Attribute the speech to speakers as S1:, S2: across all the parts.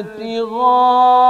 S1: ابتغاء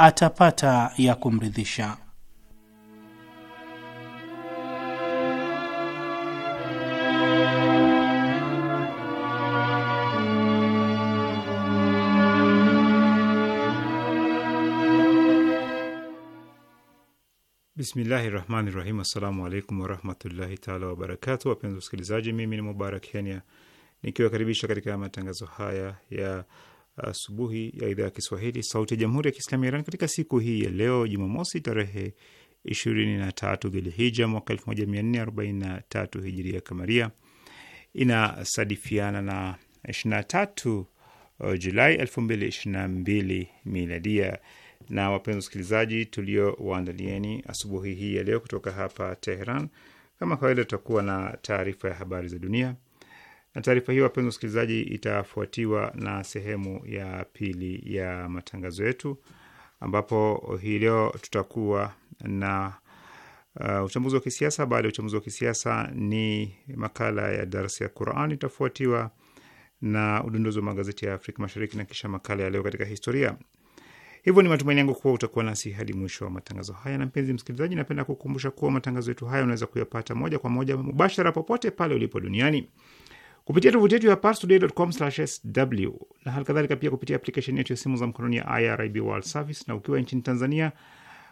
S2: atapata ya kumridhisha.
S3: Bismillahi rahmani rahim. Assalamu alaikum warahmatullahi taala wabarakatu. Wapenzi wasikilizaji, mimi ni Mubarak Kenya nikiwakaribisha katika matangazo haya ya asubuhi ya idhaa ya Kiswahili sauti ya jamhuri ya Kiislamu ya Iran katika siku hii ya leo Jumamosi tarehe 23 Dhulhija mwaka 1443 hijiria kamaria inasadifiana na 23 uh, Julai 2022 miladia. Na wapenzi wasikilizaji, waandalieni asubuhi hii ya leo kutoka hapa Teheran, kama kawaida, tutakuwa na taarifa ya habari za dunia na taarifa hiyo, wapenzi wasikilizaji, itafuatiwa na sehemu ya pili ya matangazo yetu, ambapo hii leo tutakuwa na uh, uchambuzi wa kisiasa. Baada ya uchambuzi wa kisiasa ni makala ya darsa ya Quran, itafuatiwa na udondozi wa magazeti ya Afrika Mashariki na kisha makala ya leo katika historia. Hivyo ni matumaini yangu kuwa utakuwa nasi hadi mwisho wa matangazo haya. Na mpenzi msikilizaji, napenda kukumbusha kuwa matangazo yetu haya unaweza kuyapata moja kwa moja mubashara popote pale ulipo duniani kupitia tovuti yetu ya parstoday.com/sw na halikadhalika pia kupitia aplikesheni yetu ya simu za mkononi ya IRIB World Service, na ukiwa nchini Tanzania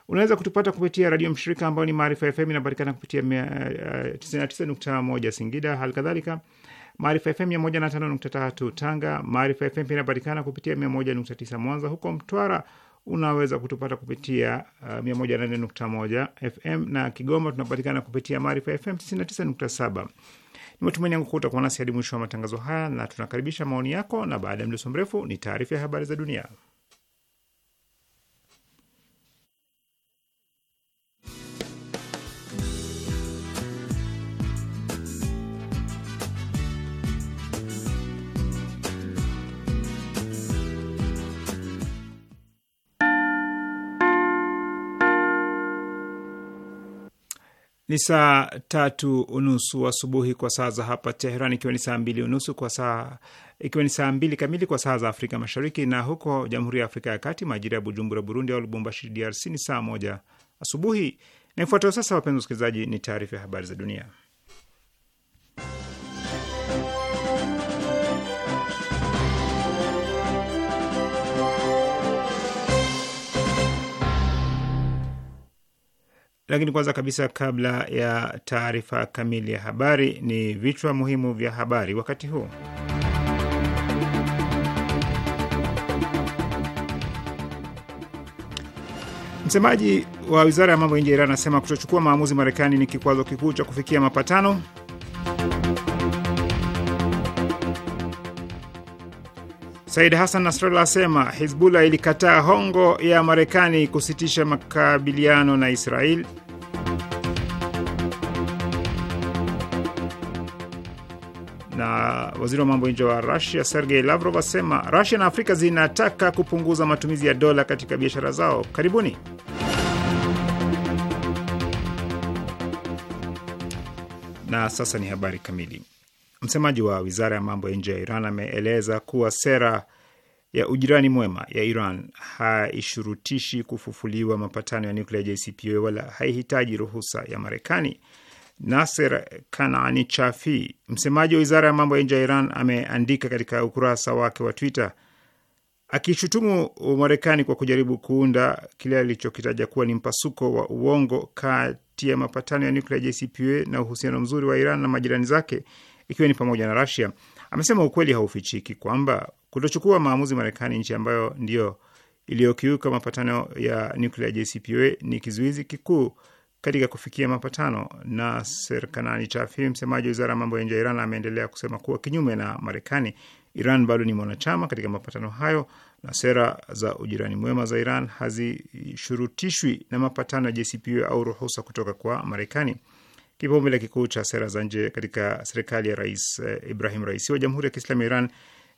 S3: unaweza kutupata kupitia radio mshirika ambayo ni Maarifa FM, inapatikana kupitia 99.1 eh, Singida, halikadhalika Maarifa FM 105.3 Tanga. Maarifa FM pia inapatikana kupitia 101.9 Mwanza. Huko Mtwara unaweza kutupata kupitia 108.1 eh, FM na Kigoma tunapatikana kupitia Maarifa FM 99.7. Ni matumaini yangu kuwa utakuwa nasi hadi mwisho wa matangazo haya, na tunakaribisha maoni yako, na baada ya mdoso mrefu ni taarifa ya habari za dunia. ni saa tatu unusu asubuhi kwa saa za hapa Teheran, ikiwa ni saa mbili unusu kwa saa ikiwa ni saa mbili kamili kwa saa za Afrika Mashariki, na huko Jamhuri ya Afrika ya Kati majira ya Bujumbura, Burundi au Lubumbashi, DRC ni saa moja asubuhi. Na ifuatayo sasa, wapenzi wasikilizaji, ni taarifa ya habari za dunia. Lakini kwanza kabisa, kabla ya taarifa kamili ya habari, ni vichwa muhimu vya habari wakati huu. Msemaji wa wizara ya mambo ya nje ya Iran anasema kutochukua maamuzi Marekani ni kikwazo kikuu cha kufikia mapatano. Said Hassan Nasrallah asema Hizbullah ilikataa hongo ya Marekani kusitisha makabiliano na Israel. na waziri wa mambo nje wa Rusia Sergei Lavrov asema Rusia na Afrika zinataka kupunguza matumizi ya dola katika biashara zao. Karibuni. Na sasa ni habari kamili. Msemaji wa wizara ya mambo ya nje ya Iran ameeleza kuwa sera ya ujirani mwema ya Iran haishurutishi kufufuliwa mapatano ya nuklia ya JCPOA wala haihitaji ruhusa ya Marekani. naser kanani Chafi, msemaji wa wizara ya mambo ya nje ya Iran, ameandika katika ukurasa wake wa Twitter akishutumu Marekani kwa kujaribu kuunda kile alichokitaja kuwa ni mpasuko wa uongo kati ya mapatano ya nuklia JCPOA na uhusiano mzuri wa Iran na majirani zake ikiwa ni pamoja na rasia Amesema ukweli haufichiki kwamba Kutochukua maamuzi Marekani, nchi ambayo ndiyo iliyokiuka mapatano ya nuklia JCPOA, ni kizuizi kikuu katika kufikia mapatano. Naser Kanani Chafi, msemaji wa wizara ya mambo ya nje ya Iran, ameendelea kusema kuwa kinyume na Marekani, Iran bado ni mwanachama katika mapatano hayo na sera za ujirani mwema za Iran hazishurutishwi na mapatano ya JCPOA au ruhusa kutoka kwa Marekani. Kipaumbele kikuu cha sera za nje katika serikali ya Rais eh, Ibrahim Raisi wa Jamhuri ya Kiislamu ya Iran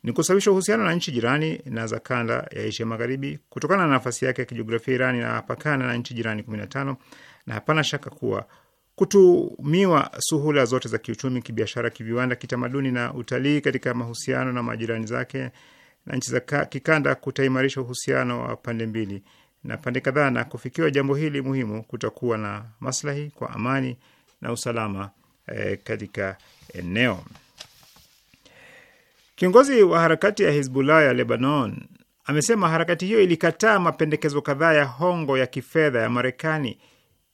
S3: ni kusababisha uhusiano na nchi jirani na za kanda ya Asia Magharibi kutokana na nafasi yake ya kijiografia. Iran inapakana na nchi jirani 15 na hapana shaka kuwa kutumiwa suhula zote za kiuchumi, kibiashara, kiviwanda, kitamaduni na utalii katika mahusiano na majirani zake na nchi za kikanda kutaimarisha uhusiano wa pande mbili na pande kadhaa, na kufikiwa jambo hili muhimu kutakuwa na maslahi kwa amani na usalama eh, katika eneo eh, Kiongozi wa harakati ya Hizbullah ya Lebanon amesema harakati hiyo ilikataa mapendekezo kadhaa ya hongo ya kifedha ya Marekani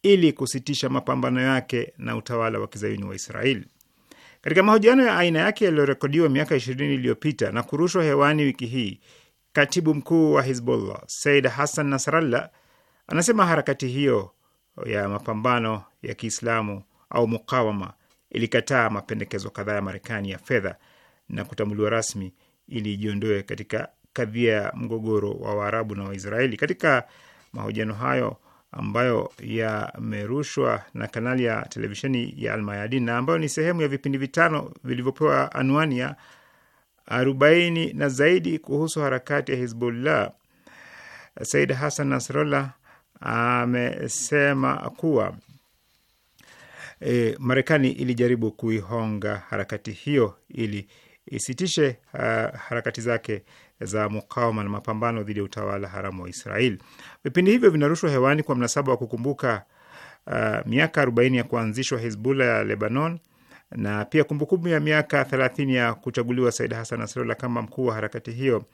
S3: ili kusitisha mapambano yake na utawala wa kizayuni wa Israeli. Katika mahojiano ya aina yake yaliyorekodiwa miaka ishirini iliyopita na kurushwa hewani wiki hii, katibu mkuu wa Hizbullah Said Hassan Nasrallah anasema harakati hiyo ya mapambano ya Kiislamu au mukawama ilikataa mapendekezo kadhaa ya Marekani ya fedha na kutambuliwa rasmi ili ijiondoe katika kadhia ya mgogoro wa Waarabu na Waisraeli. Katika mahojiano hayo ambayo yamerushwa na kanali ya televisheni ya Almayadin na ambayo ni sehemu ya vipindi vitano vilivyopewa anwani ya arobaini na zaidi kuhusu harakati ya Hizbullah, Said Hassan Nasrallah amesema kuwa e, Marekani ilijaribu kuihonga harakati hiyo ili isitishe uh, harakati zake za mukawama na mapambano dhidi ya utawala haramu wa Israel. Vipindi hivyo vinarushwa hewani kwa mnasaba wa kukumbuka uh, miaka 40 ya kuanzishwa Hizbullah ya Lebanon na pia kumbukumbu ya miaka 30 ya kuchaguliwa Said Hassan Nasrallah kama mkuu wa harakati hiyo.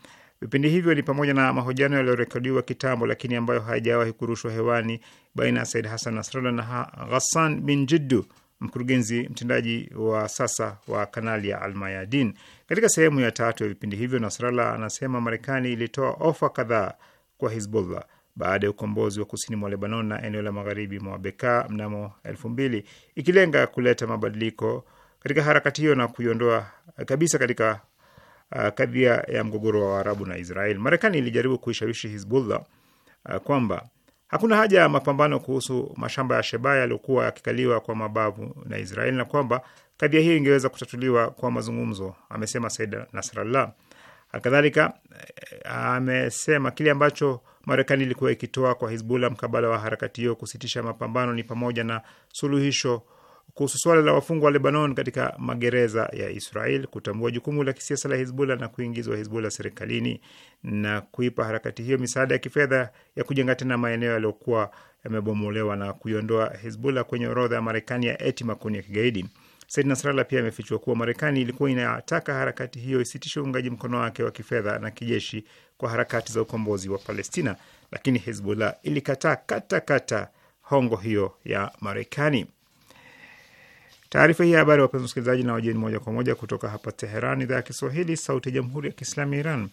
S3: Vipindi hivyo ni pamoja na mahojiano yaliyorekodiwa kitambo lakini ambayo hayajawahi kurushwa hewani baina ya Said Hassan Nasrallah na Ghassan bin Jiddu mkurugenzi mtendaji wa sasa wa kanali ya Almayadin. Katika sehemu ya tatu ya vipindi hivyo, nasrala anasema Marekani ilitoa ofa kadhaa kwa Hizbullah baada ya ukombozi wa kusini mwa Lebanon na eneo la magharibi mwa beka mnamo elfu mbili ikilenga kuleta mabadiliko katika harakati hiyo na kuiondoa kabisa katika uh, kadhia ya mgogoro wa Waarabu na Israel. Marekani ilijaribu kuishawishi Hizbullah uh, kwamba Hakuna haja ya mapambano kuhusu mashamba ya Shebaa yaliyokuwa yakikaliwa kwa mabavu na Israeli na kwamba kadhia hiyo ingeweza kutatuliwa kwa mazungumzo, amesema Said Nasrallah. Halikadhalika eh, amesema kile ambacho Marekani ilikuwa ikitoa kwa Hizbullah mkabala wa harakati hiyo kusitisha mapambano ni pamoja na suluhisho kuhusu suala la wafungwa wa Lebanon katika magereza ya Israel, kutambua jukumu la kisiasa la Hizbullah na kuingizwa Hizbullah serikalini na kuipa harakati hiyo misaada ya kifedha ya kujenga tena maeneo yaliyokuwa yamebomolewa na kuiondoa Hizbullah kwenye orodha ya Marekani ya eti makuni ya kigaidi. Said Nasrallah pia amefichua kuwa Marekani ilikuwa inataka harakati hiyo isitishe uungaji mkono wake wa kifedha na kijeshi kwa harakati za ukombozi wa Palestina, lakini Hizbullah ilikataa kata katakata hongo hiyo ya Marekani. Taarifa hii ya habari, wapenzi wasikilizaji, na wajeni, moja kwa moja kutoka hapa Teheran, idhaa ya Kiswahili, sauti ya jamhuri ya kiislamu ya Iran.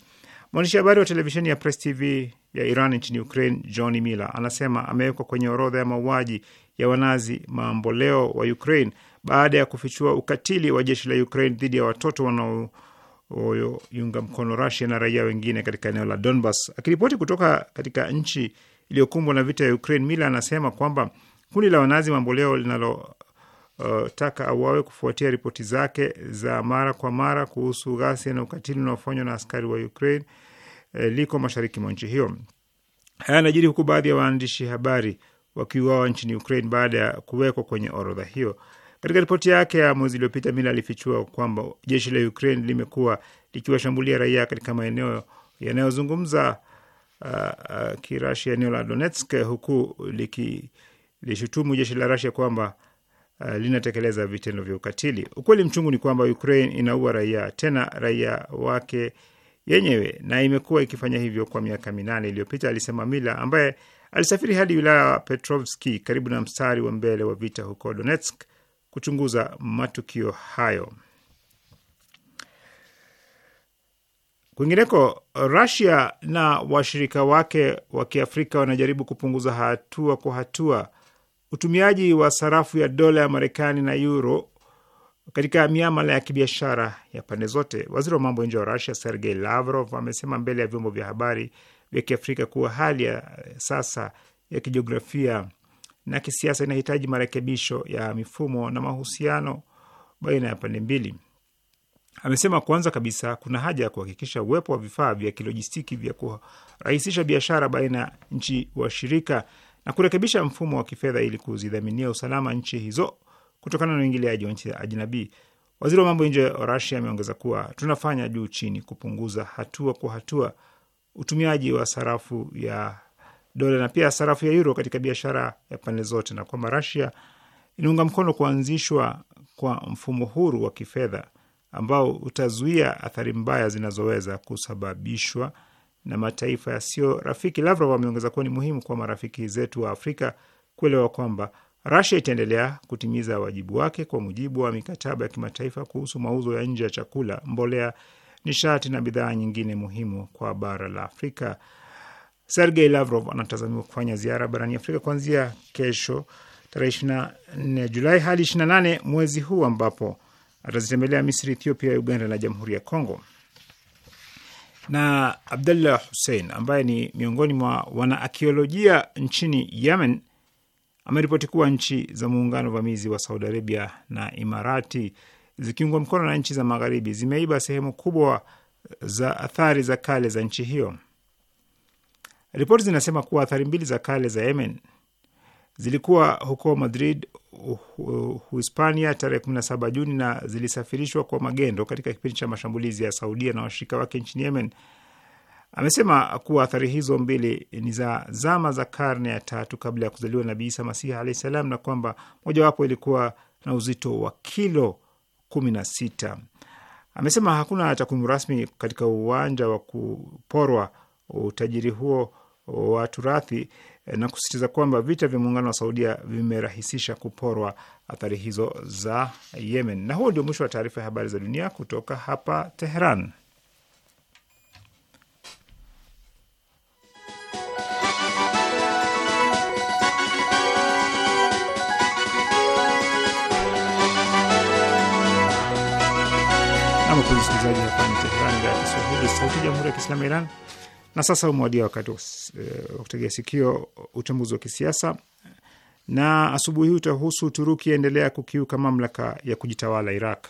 S3: Mwandishi habari wa televisheni ya Press TV ya Iran nchini Ukraine, Johnny Miller anasema amewekwa kwenye orodha ya mauaji ya wanazi maamboleo wa Ukraine baada ya kufichua ukatili wa jeshi la Ukraine dhidi ya watoto wanaoyunga mkono Rusia na raia wengine katika eneo la Donbas. Akiripoti kutoka katika nchi iliyokumbwa na vita ya Ukraine, Miller anasema kwamba kundi la wanazi maamboleo linalo uh, taka auawe kufuatia ripoti zake za mara kwa mara kuhusu ghasia na ukatili unaofanywa na askari wa Ukraine uh, liko mashariki mwa nchi hiyo. Haya anajiri huku baadhi ya waandishi habari wakiuawa nchini Ukraine baada ya kuwekwa kwenye orodha hiyo. Katika ripoti yake ya mwezi uliopita, Mila alifichua kwamba jeshi la Ukraine limekuwa likiwashambulia raia katika maeneo yanayozungumza uh, uh, Kirashi, eneo la Donetsk, huku likilishutumu jeshi la Rasia kwamba uh, linatekeleza vitendo vya ukatili. Ukweli mchungu ni kwamba Ukraine inaua raia, tena raia wake yenyewe, na imekuwa ikifanya hivyo kwa miaka minane iliyopita, alisema Mila ambaye alisafiri hadi wilaya ya Petrovski karibu na mstari wa mbele wa vita huko Donetsk kuchunguza matukio hayo. Kwingineko, Rusia na washirika wake wa Kiafrika wanajaribu kupunguza hatua kwa hatua utumiaji wa sarafu ya dola ya Marekani na euro katika miamala ya kibiashara ya pande zote. Waziri wa mambo ya nje wa Rusia Sergei Lavrov amesema mbele ya vyombo vya habari vya Kiafrika kuwa hali ya sasa ya kijiografia na kisiasa inahitaji marekebisho ya mifumo na mahusiano baina ya pande mbili. Amesema kwanza kabisa kuna haja ya kuhakikisha uwepo wa vifaa vya kilojistiki vya kurahisisha biashara baina ya nchi washirika na kurekebisha mfumo wa kifedha ili kuzidhaminia usalama nchi hizo kutokana na uingiliaji wa nchi ajnabii. Waziri wa mambo ya nje wa Rasia ameongeza kuwa tunafanya juu chini kupunguza hatua kwa hatua utumiaji wa sarafu ya dola na pia sarafu ya euro katika biashara ya pande zote, na kwamba Rasia inaunga mkono kuanzishwa kwa mfumo huru wa kifedha ambao utazuia athari mbaya zinazoweza kusababishwa na mataifa yasiyo rafiki. Lavrov ameongeza kuwa ni muhimu kwa marafiki zetu wa Afrika kuelewa kwamba Rasia itaendelea kutimiza wajibu wake kwa mujibu wa mikataba ya kimataifa kuhusu mauzo ya nje ya chakula, mbolea, nishati na bidhaa nyingine muhimu kwa bara la Afrika. Sergei Lavrov anatazamiwa kufanya ziara barani Afrika kuanzia kesho tarehe 24 Julai hadi 28 mwezi huu ambapo atazitembelea Misri, Ethiopia, Uganda na Jamhuri ya Kongo na Abdullah Hussein ambaye ni miongoni mwa wanaakiolojia nchini Yemen ameripoti kuwa nchi za muungano vamizi wa Saudi Arabia na Imarati zikiungwa mkono na nchi za Magharibi zimeiba sehemu kubwa za athari za kale za nchi hiyo. Ripoti zinasema kuwa athari mbili za kale za Yemen zilikuwa huko Madrid, Uhispania tarehe 17 Juni na zilisafirishwa kwa magendo katika kipindi cha mashambulizi ya Saudia na washirika wake nchini Yemen. Amesema kuwa athari hizo mbili ni za zama za karne ya tatu kabla ya kuzaliwa Nabii Isa Masihi alahi salam, na kwamba mojawapo ilikuwa na uzito wa kilo 16. Amesema hakuna takwimu rasmi katika uwanja wa kuporwa utajiri huo wa turathi Eh, na kusisitiza kwamba vita vya muungano wa Saudia vimerahisisha kuporwa athari hizo za Yemen. Na huo ndio mwisho wa taarifa ya habari za dunia kutoka hapa Teheran. Msikilizaji, hapa ni Teherani, idhaa ya Kiswahili, sauti ya jamhuri ya kiislamu ya Iran. Na sasa umewadia wakati eh, wa kutegea sikio uchambuzi wa kisiasa, na asubuhi hii utahusu Uturuki yaendelea kukiuka mamlaka ya kujitawala Iraq.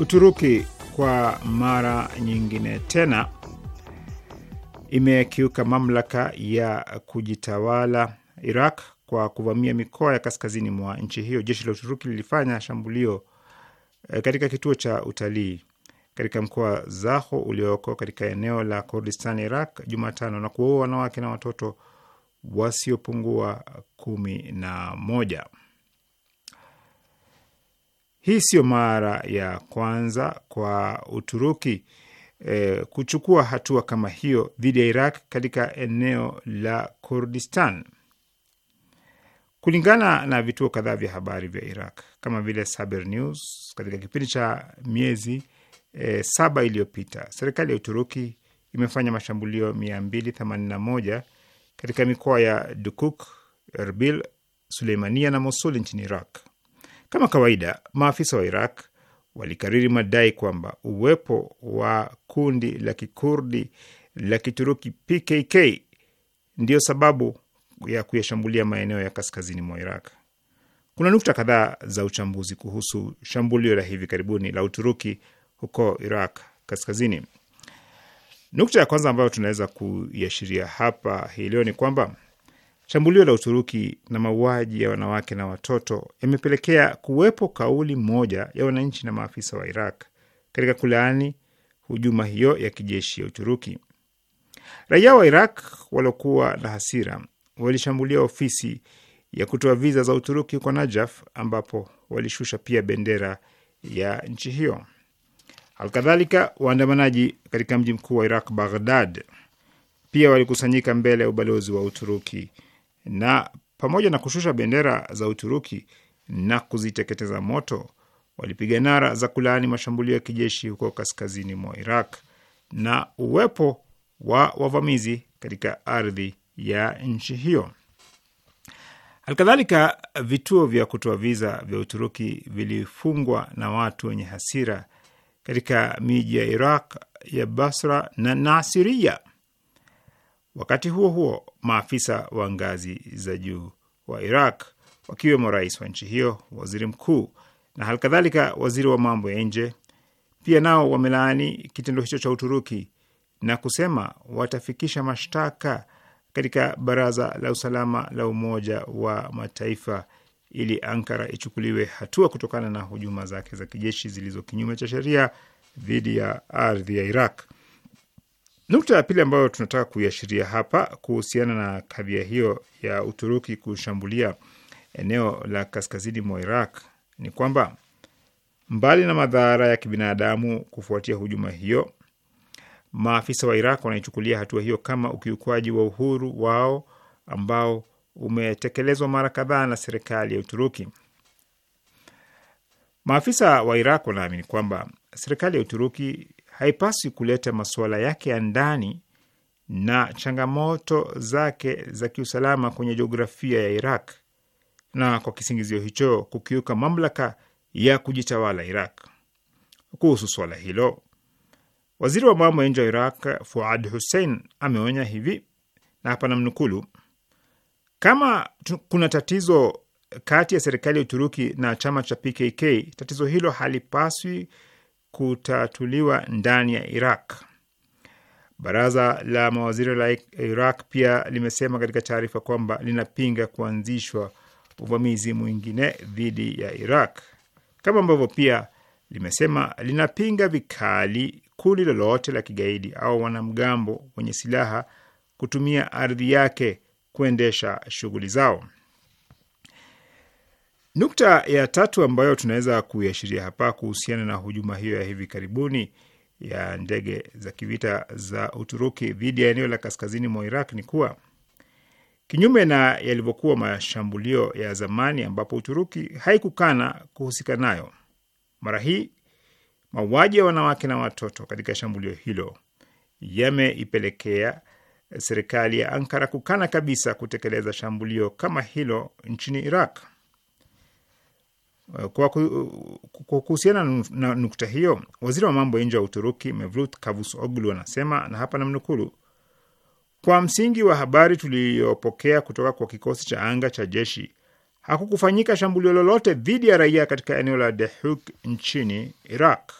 S3: Uturuki kwa mara nyingine tena imekiuka mamlaka ya kujitawala Iraq kwa kuvamia mikoa ya kaskazini mwa nchi hiyo. Jeshi la Uturuki lilifanya shambulio eh, katika kituo cha utalii katika mkoa wa Zaho ulioko katika eneo la Kurdistan Iraq Jumatano na kuwaua wanawake na watoto wasiopungua kumi na moja. Hii siyo mara ya kwanza kwa Uturuki eh, kuchukua hatua kama hiyo dhidi ya Iraq katika eneo la Kurdistan. Kulingana na vituo kadhaa vya habari vya Iraq kama vile Saber News, katika kipindi cha miezi eh, saba iliyopita, serikali ya Uturuki imefanya mashambulio 281 katika mikoa ya Dukuk, Erbil, Suleimania na Mosul nchini Iraq. Kama kawaida, maafisa wa Iraq walikariri madai kwamba uwepo wa kundi la kikurdi la kituruki PKK ndiyo sababu ya kuyashambulia maeneo ya kaskazini mwa Iraq. Kuna nukta kadhaa za uchambuzi kuhusu shambulio la hivi karibuni la Uturuki huko Iraq kaskazini. Nukta ya kwanza ambayo tunaweza kuiashiria hapa hii leo ni kwamba Shambulio la Uturuki na mauaji ya wanawake na watoto yamepelekea kuwepo kauli moja ya wananchi na maafisa wa Iraq katika kulaani hujuma hiyo ya kijeshi ya Uturuki. Raia wa Iraq waliokuwa na hasira walishambulia ofisi ya kutoa viza za Uturuki kwa Najaf, ambapo walishusha pia bendera ya nchi hiyo. Alkadhalika, waandamanaji katika mji mkuu wa Iraq, Baghdad, pia walikusanyika mbele ya ubalozi wa Uturuki na pamoja na kushusha bendera za Uturuki na kuziteketeza moto, walipiga nara za kulaani mashambulio ya kijeshi huko kaskazini mwa Iraq na uwepo wa wavamizi katika ardhi ya nchi hiyo. Halikadhalika, vituo vya kutoa viza vya Uturuki vilifungwa na watu wenye hasira katika miji ya Iraq ya Basra na Nasiria. Wakati huo huo, maafisa wa ngazi za juu wa Iraq wakiwemo rais wa nchi hiyo, waziri mkuu na halikadhalika waziri wa mambo ya nje pia nao wamelaani kitendo hicho cha Uturuki na kusema watafikisha mashtaka katika Baraza la Usalama la Umoja wa Mataifa ili Ankara ichukuliwe hatua kutokana na hujuma zake za kijeshi zilizo kinyume cha sheria dhidi ya ardhi ya Iraq. Nukta ya pili ambayo tunataka kuiashiria hapa kuhusiana na kadhia hiyo ya Uturuki kushambulia eneo la kaskazini mwa Iraq ni kwamba mbali na madhara ya kibinadamu kufuatia hujuma hiyo, maafisa wa Iraq wanaichukulia hatua hiyo kama ukiukwaji wa uhuru wao ambao umetekelezwa mara kadhaa na serikali ya Uturuki. Maafisa wa Iraq wanaamini kwamba serikali ya Uturuki haipaswi kuleta masuala yake ya ndani na changamoto zake za kiusalama kwenye jiografia ya Iraq na kwa kisingizio hicho kukiuka mamlaka ya kujitawala Iraq. Kuhusu swala hilo, waziri wa mambo ya nje wa Iraq Fuad Hussein ameonya hivi, na hapa namnukulu: kama kuna tatizo kati ya serikali ya Uturuki na chama cha PKK, tatizo hilo halipaswi kutatuliwa ndani ya Iraq. Baraza la mawaziri la Iraq pia limesema katika taarifa kwamba linapinga kuanzishwa uvamizi mwingine dhidi ya Iraq, kama ambavyo pia limesema linapinga vikali kundi lolote la kigaidi au wanamgambo wenye silaha kutumia ardhi yake kuendesha shughuli zao. Nukta ya tatu ambayo tunaweza kuiashiria hapa kuhusiana na hujuma hiyo ya hivi karibuni ya ndege za kivita za Uturuki dhidi ya eneo la kaskazini mwa Iraq ni kuwa kinyume na yalivyokuwa mashambulio ya zamani ambapo Uturuki haikukana kuhusika nayo, mara hii mauaji ya wanawake na watoto katika shambulio hilo yameipelekea serikali ya Ankara kukana kabisa kutekeleza shambulio kama hilo nchini Iraq. Eh, kwa kuhusiana na nukta hiyo, waziri wa mambo ya nje wa Uturuki Mevlut oglu anasema na hapa namnukuu: kwa msingi wa habari tuliyopokea kutoka kwa kikosi cha anga cha jeshi hakukufanyika shambulio lolote dhidi ya raia katika eneo la Dehuk nchini Iraq.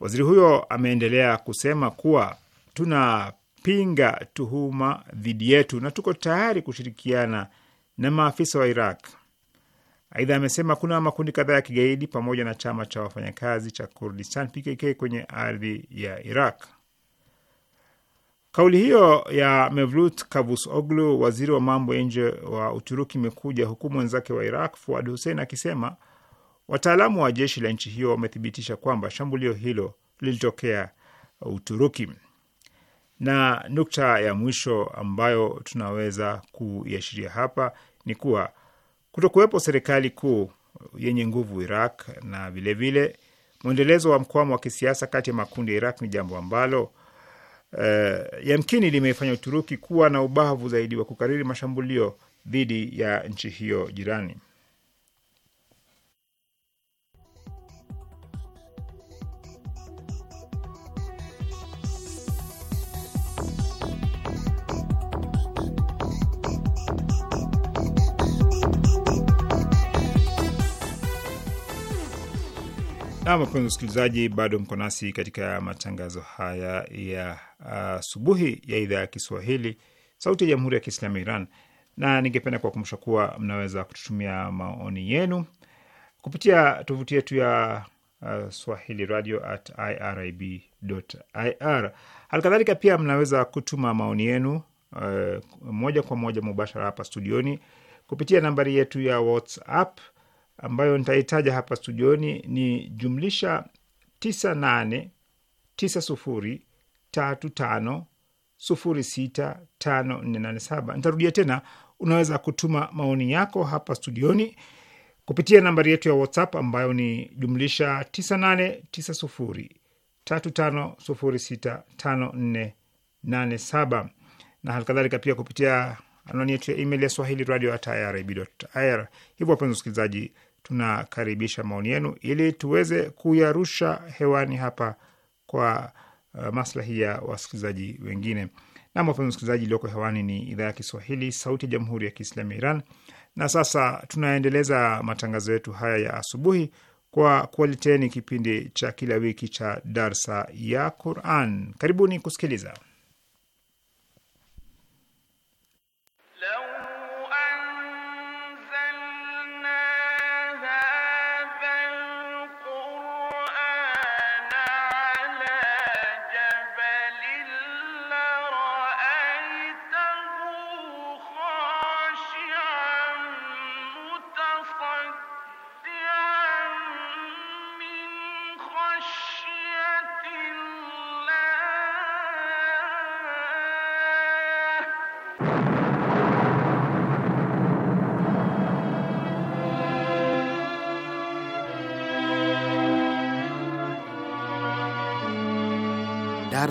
S3: Waziri huyo ameendelea kusema kuwa tunapinga tuhuma dhidi yetu na tuko tayari kushirikiana na maafisa wa Iraq Aidha amesema kuna makundi kadhaa ya kigaidi pamoja na chama cha wafanyakazi cha Kurdistan PKK kwenye ardhi ya Iraq. Kauli hiyo ya Mevlut Kavusoglu, waziri wa mambo ya nje wa Uturuki, imekuja huku mwenzake wa Iraq Fuad Hussein akisema wataalamu wa jeshi la nchi hiyo wamethibitisha kwamba shambulio hilo lilitokea Uturuki. Na nukta ya mwisho ambayo tunaweza kuiashiria hapa ni kuwa kutokuwepo serikali kuu yenye nguvu Iraq na vilevile mwendelezo wa mkwamo wa kisiasa kati ya makundi ya Iraq ni jambo ambalo uh, yamkini limefanya Uturuki kuwa na ubavu zaidi wa kukariri mashambulio dhidi ya nchi hiyo jirani. Wapenzi wasikilizaji, bado mko nasi katika matangazo haya ya asubuhi uh, ya idhaa ya Kiswahili sauti ya jamhuri ya kiislamu ya Iran, na ningependa kuwakumbusha kuwa mnaweza kututumia maoni yenu kupitia tovuti yetu ya uh, swahili radio at irib ir. Halikadhalika pia mnaweza kutuma maoni yenu uh, moja kwa moja mubashara hapa studioni kupitia nambari yetu ya WhatsApp ambayo nitaitaja hapa studioni ni jumlisha 989035065487. Nitarudia tena, unaweza kutuma maoni yako hapa studioni kupitia nambari yetu ya WhatsApp ambayo ni jumlisha 989035065487 na halikadhalika pia kupitia anwani yetu ya email ya swahili radio at irib.ir. Hivyo wapenzi wasikilizaji tunakaribisha maoni yenu ili tuweze kuyarusha hewani hapa kwa uh, maslahi ya wasikilizaji wengine. Nam, wapenzi wasikilizaji, iliyoko hewani ni idhaa ya Kiswahili, Sauti ya Jamhuri ya Kiislamu ya Iran. Na sasa tunaendeleza matangazo yetu haya ya asubuhi kwa kuwaleteni kipindi cha kila wiki cha darsa ya Quran. Karibuni kusikiliza.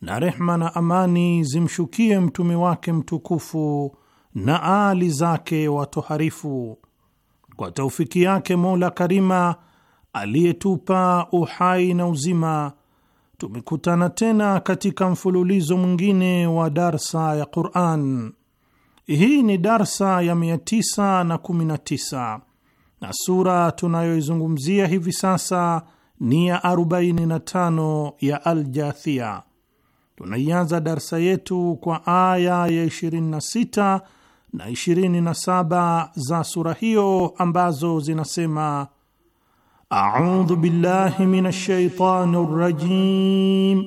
S4: na rehma na amani zimshukie mtume wake mtukufu na aali zake watoharifu. Kwa taufiki yake Mola Karima aliyetupa uhai na uzima, tumekutana tena katika mfululizo mwingine wa darsa ya Quran. Hii ni darsa ya 919 na sura tunayoizungumzia hivi sasa ni ya 45 ya Aljathia. tunaianza darsa yetu kwa aya ya 26 na 27 za sura hiyo ambazo zinasema: audhu billahi minash shaitani rajim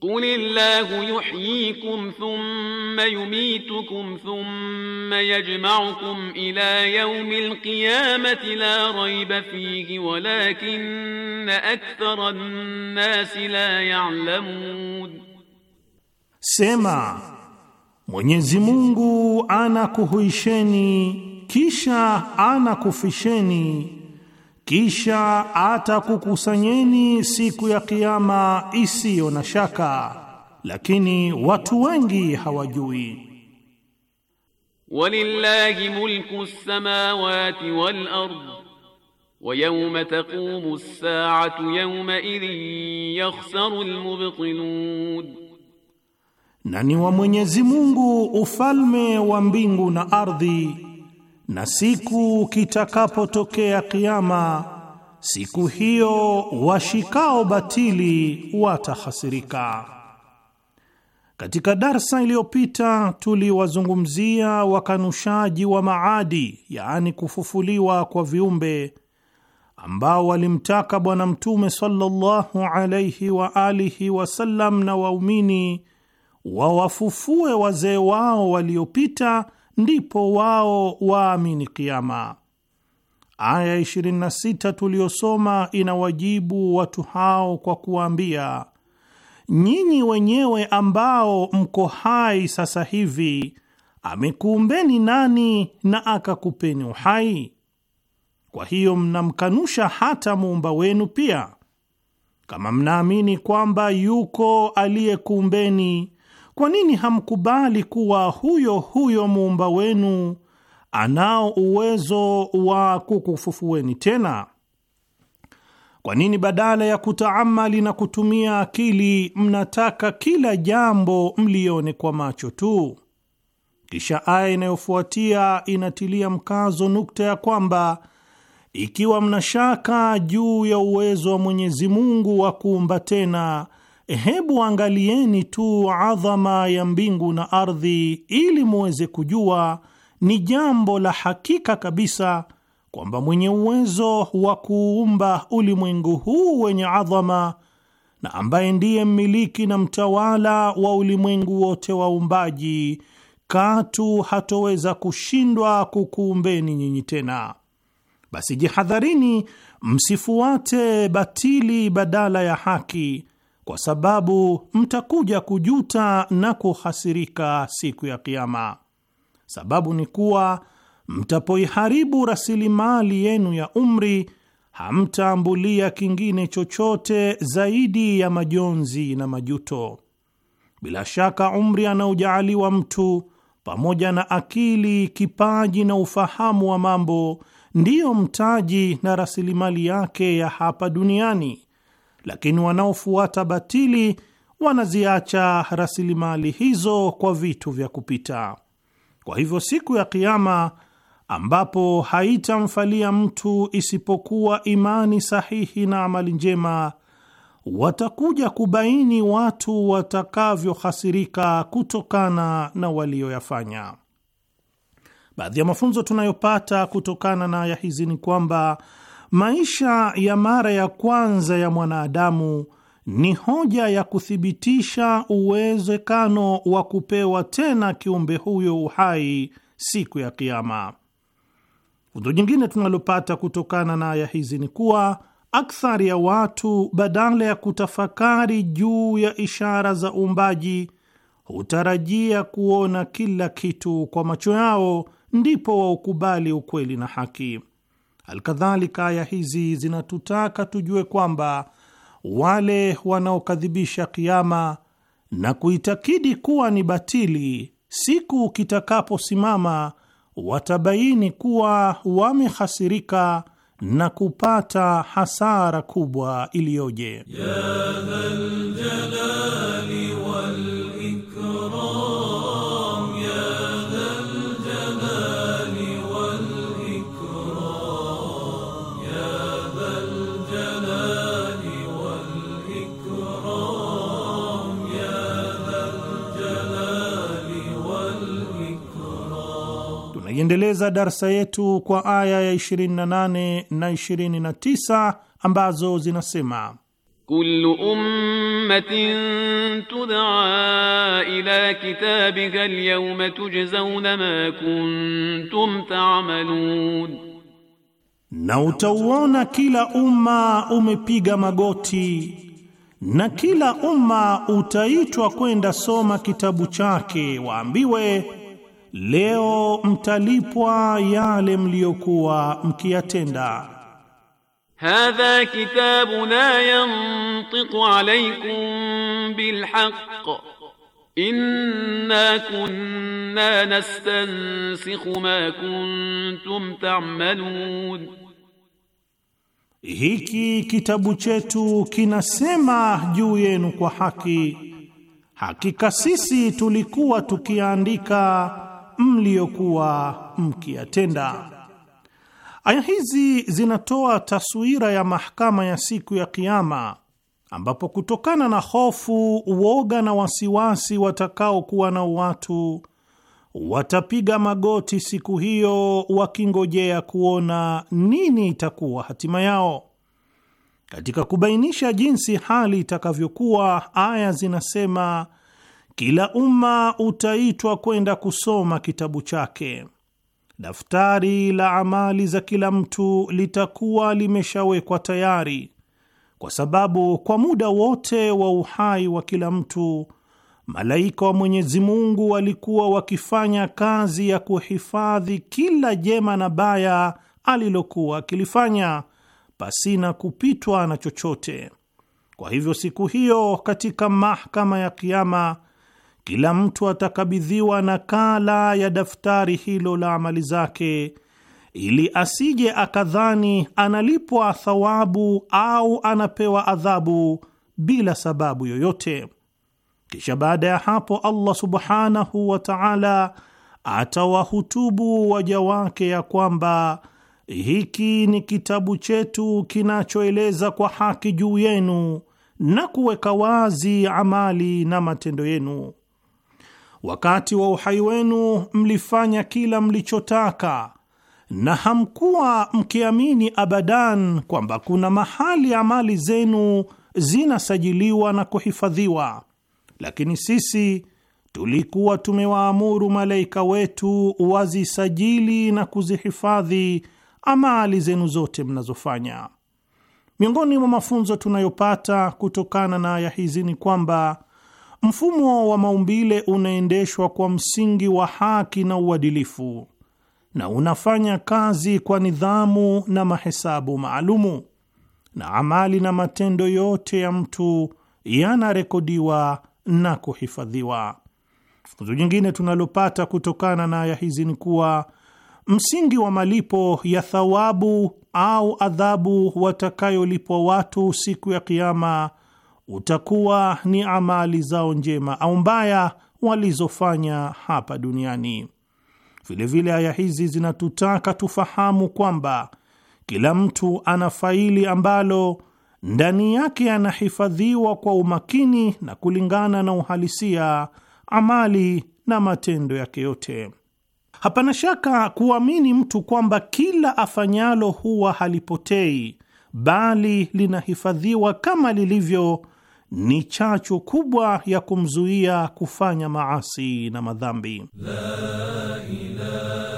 S5: Qul Allahu yuhyikum thumma yumitukum thumma yajma'ukum ila yawmi al qiyamati la rayba fihi walakinna akthara an-nasi la ya'lamun
S4: Sema, Mwenyezi Mungu anakuhuisheni, kisha anakufisheni, kisha atakukusanyeni siku ya Kiyama isiyo na shaka, lakini watu wengi hawajui.
S5: Walillahi mulku samawati wal ardh wa yawma taqumu as-sa'atu yawma idhin yakhsaru al-mubtilun
S4: na ni wa Mwenyezi Mungu ufalme wa mbingu na ardhi, na siku kitakapotokea Kiama, siku hiyo washikao batili watahasirika. Katika darsa iliyopita tuliwazungumzia wakanushaji wa maadi, yaani kufufuliwa kwa viumbe, ambao walimtaka Bwana Mtume sallallahu alayhi wa alihi wasallam na waumini wawafufue wazee wao waliopita, ndipo wao waamini kiama. Aya 26 tuliyosoma inawajibu watu hao kwa kuwaambia, nyinyi wenyewe ambao mko hai sasa hivi, amekuumbeni nani na akakupeni uhai? Kwa hiyo mnamkanusha hata muumba wenu pia? Kama mnaamini kwamba yuko aliyekuumbeni kwa nini hamkubali kuwa huyo huyo muumba wenu anao uwezo wa kukufufueni tena? Kwa nini badala ya kutaamali na kutumia akili mnataka kila jambo mlione kwa macho tu? Kisha aya inayofuatia inatilia mkazo nukta ya kwamba ikiwa mnashaka juu ya uwezo wa Mwenyezi Mungu wa kuumba tena Eh, hebu angalieni tu adhama ya mbingu na ardhi, ili muweze kujua ni jambo la hakika kabisa kwamba mwenye uwezo wa kuumba ulimwengu huu wenye adhama na ambaye ndiye mmiliki na mtawala wa ulimwengu wote wa uumbaji, katu hatoweza kushindwa kukuumbeni nyinyi tena. Basi jihadharini, msifuate batili badala ya haki kwa sababu mtakuja kujuta na kuhasirika siku ya Kiama. Sababu ni kuwa mtapoiharibu rasilimali yenu ya umri, hamtaambulia kingine chochote zaidi ya majonzi na majuto. Bila shaka umri anaojaaliwa mtu pamoja na akili, kipaji na ufahamu wa mambo ndiyo mtaji na rasilimali yake ya hapa duniani lakini wanaofuata batili wanaziacha rasilimali hizo kwa vitu vya kupita. Kwa hivyo siku ya Kiama, ambapo haitamfalia mtu isipokuwa imani sahihi na amali njema, watakuja kubaini watu watakavyohasirika kutokana na walioyafanya. Baadhi ya mafunzo tunayopata kutokana na aya hizi ni kwamba Maisha ya mara ya kwanza ya mwanadamu ni hoja ya kuthibitisha uwezekano wa kupewa tena kiumbe huyo uhai siku ya Kiama. Funzo jingine tunalopata kutokana na aya hizi ni kuwa akthari ya watu badala ya kutafakari juu ya ishara za uumbaji hutarajia kuona kila kitu kwa macho yao ndipo waukubali ukweli na haki. Alkadhalika, aya hizi zinatutaka tujue kwamba wale wanaokadhibisha kiama na kuitakidi kuwa ni batili, siku kitakaposimama watabaini kuwa wamehasirika na kupata hasara kubwa iliyoje. tunaiendeleza darsa yetu kwa aya ya 28 na 29 ambazo zinasema:
S5: kullu ummatin tud'a ila kitabiha al tujzauna ma kuntum ta'malun,
S4: na utauona kila umma umepiga magoti na kila umma utaitwa kwenda soma kitabu chake, waambiwe leo mtalipwa yale mliyokuwa mkiyatenda.
S5: Hadha kitabuna yantiqu alaykum bilhaq inna kunna nastansikhu ma kuntum ta'malun,
S4: hiki kitabu chetu kinasema juu yenu kwa haki, hakika sisi tulikuwa tukiandika mliyokuwa mkiyatenda. Aya hizi zinatoa taswira ya mahakama ya siku ya Kiama, ambapo kutokana na hofu, uoga na wasiwasi watakaokuwa na watu watapiga magoti siku hiyo wakingojea kuona nini itakuwa hatima yao. Katika kubainisha jinsi hali itakavyokuwa, aya zinasema kila umma utaitwa kwenda kusoma kitabu chake. Daftari la amali za kila mtu litakuwa limeshawekwa tayari, kwa sababu kwa muda wote wa uhai wa kila mtu malaika wa Mwenyezi Mungu walikuwa wakifanya kazi ya kuhifadhi kila jema na baya alilokuwa akilifanya, pasina kupitwa na chochote. Kwa hivyo, siku hiyo katika mahakama ya Kiama kila mtu atakabidhiwa nakala ya daftari hilo la amali zake, ili asije akadhani analipwa thawabu au anapewa adhabu bila sababu yoyote. Kisha baada ya hapo, Allah subhanahu wa ta'ala atawahutubu waja wake ya kwamba hiki ni kitabu chetu kinachoeleza kwa haki juu yenu na kuweka wazi amali na matendo yenu. Wakati wa uhai wenu mlifanya kila mlichotaka na hamkuwa mkiamini abadan kwamba kuna mahali amali zenu zinasajiliwa na kuhifadhiwa, lakini sisi tulikuwa tumewaamuru malaika wetu wazisajili na kuzihifadhi amali zenu zote mnazofanya. Miongoni mwa mafunzo tunayopata kutokana na aya hizi ni kwamba Mfumo wa maumbile unaendeshwa kwa msingi wa haki na uadilifu na unafanya kazi kwa nidhamu na mahesabu maalumu, na amali na matendo yote ya mtu yanarekodiwa na kuhifadhiwa. Funzo jingine tunalopata kutokana na aya hizi ni kuwa msingi wa malipo ya thawabu au adhabu watakayolipwa watu siku ya Kiama utakuwa ni amali zao njema au mbaya walizofanya hapa duniani. Vilevile aya hizi zinatutaka tufahamu kwamba kila mtu ana faili ambalo ndani yake anahifadhiwa kwa umakini na kulingana na uhalisia amali na matendo yake yote. Hapana shaka kuamini mtu kwamba kila afanyalo huwa halipotei, bali linahifadhiwa kama lilivyo ni chachu kubwa ya kumzuia kufanya maasi na madhambi la
S5: ilaha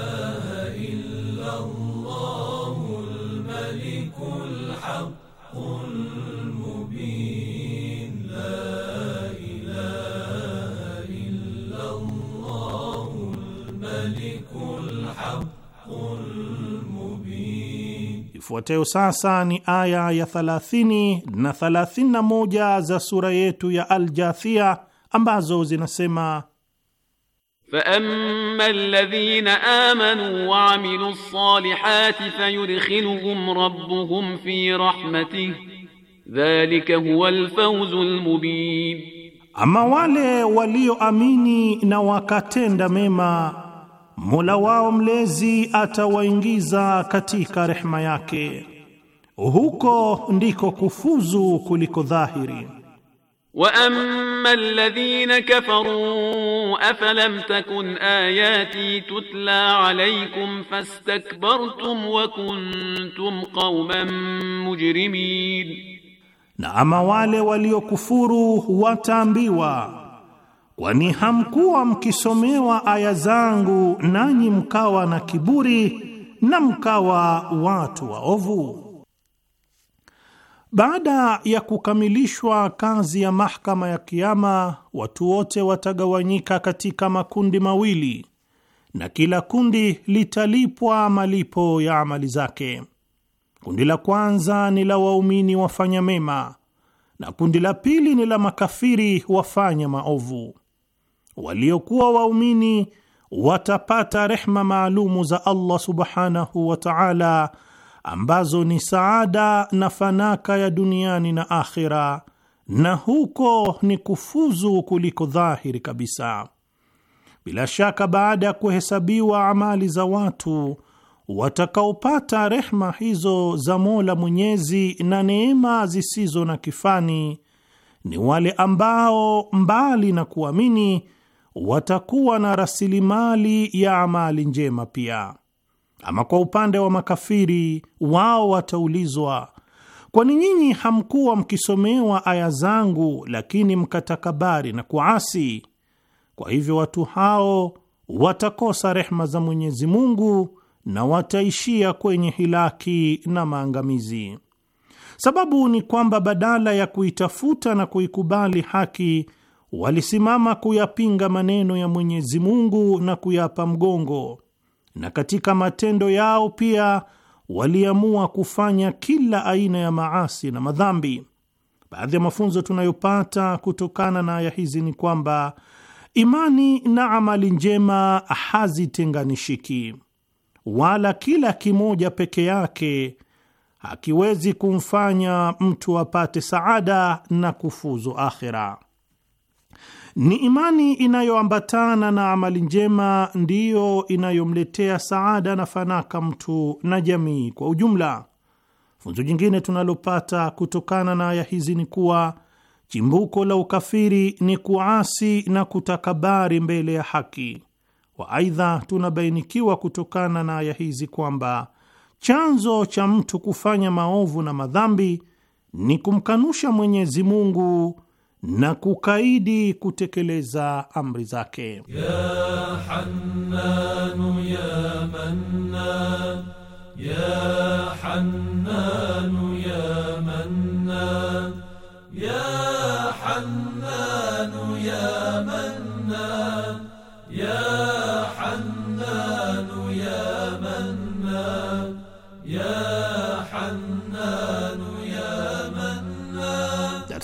S4: Ifuatayo sasa ni aya ya 30 na 31 za sura yetu ya Al-Jathia ambazo zinasema
S5: Faamma alladhina amanu wa amilu ssalihati fayudkhiluhum rabbuhum fi rahmatihi dhalika huwa alfawzul mubin,
S4: ama wale walioamini na wakatenda mema Mola wao mlezi atawaingiza katika rehema yake, huko ndiko kufuzu kuliko dhahiri.
S5: Wa amma alladhina kafaru afalam takun ayati tutla alaykum fastakbartum wa kuntum qauman mujrimin,
S4: na ama wale waliokufuru wataambiwa kwani hamkuwa mkisomewa aya zangu nanyi mkawa na kiburi na mkawa watu waovu. Baada ya kukamilishwa kazi ya mahakama ya Kiama, watu wote watagawanyika katika makundi mawili na kila kundi litalipwa malipo ya amali zake. Kundi la kwanza ni la waumini wafanya mema na kundi la pili ni la makafiri wafanya maovu waliokuwa waumini watapata rehma maalumu za Allah subhanahu wa ta'ala, ambazo ni saada na fanaka ya duniani na akhira, na huko ni kufuzu kuliko dhahiri kabisa. Bila shaka, baada ya kuhesabiwa amali za watu watakaopata rehma hizo za Mola Mwenyezi na neema zisizo na kifani ni wale ambao mbali na kuamini watakuwa na rasilimali ya amali njema pia. Ama kwa upande wa makafiri, wao wataulizwa, kwani nyinyi hamkuwa mkisomewa aya zangu, lakini mkatakabari na kuasi? Kwa hivyo watu hao watakosa rehma za Mwenyezi Mungu na wataishia kwenye hilaki na maangamizi. Sababu ni kwamba badala ya kuitafuta na kuikubali haki walisimama kuyapinga maneno ya Mwenyezi Mungu na kuyapa mgongo, na katika matendo yao pia waliamua kufanya kila aina ya maasi na madhambi. Baadhi ya mafunzo tunayopata kutokana na aya hizi ni kwamba imani na amali njema hazitenganishiki, wala kila kimoja peke yake hakiwezi kumfanya mtu apate saada na kufuzu akhira. Ni imani inayoambatana na amali njema ndiyo inayomletea saada na fanaka mtu na jamii kwa ujumla. Funzo jingine tunalopata kutokana na aya hizi ni kuwa chimbuko la ukafiri ni kuasi na kutakabari mbele ya haki wa. Aidha, tunabainikiwa kutokana na aya hizi kwamba chanzo cha mtu kufanya maovu na madhambi ni kumkanusha Mwenyezi Mungu na kukaidi kutekeleza amri zake. ya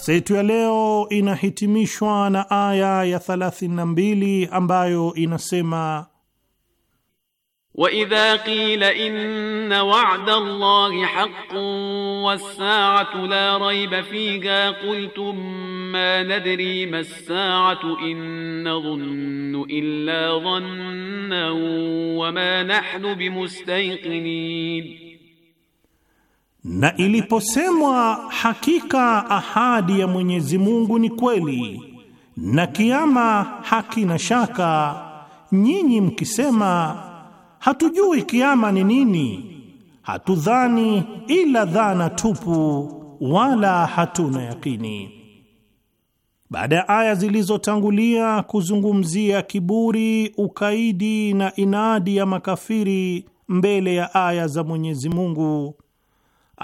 S4: Darsa yetu ya leo inahitimishwa na aya ya 32 ambayo inasema
S5: وإذا قيل إن وعد الله حق والساعة لا ريب فيها قلتم ما ندري ما الساعة إن نظن إلا ظنا وما نحن بمستيقنين
S4: Na iliposemwa hakika ahadi ya Mwenyezi Mungu ni kweli na kiama hakina shaka, nyinyi mkisema hatujui kiama ni nini, hatudhani ila dhana tupu, wala hatuna yakini. Baada ya aya zilizotangulia kuzungumzia kiburi, ukaidi na inadi ya makafiri mbele ya aya za Mwenyezi Mungu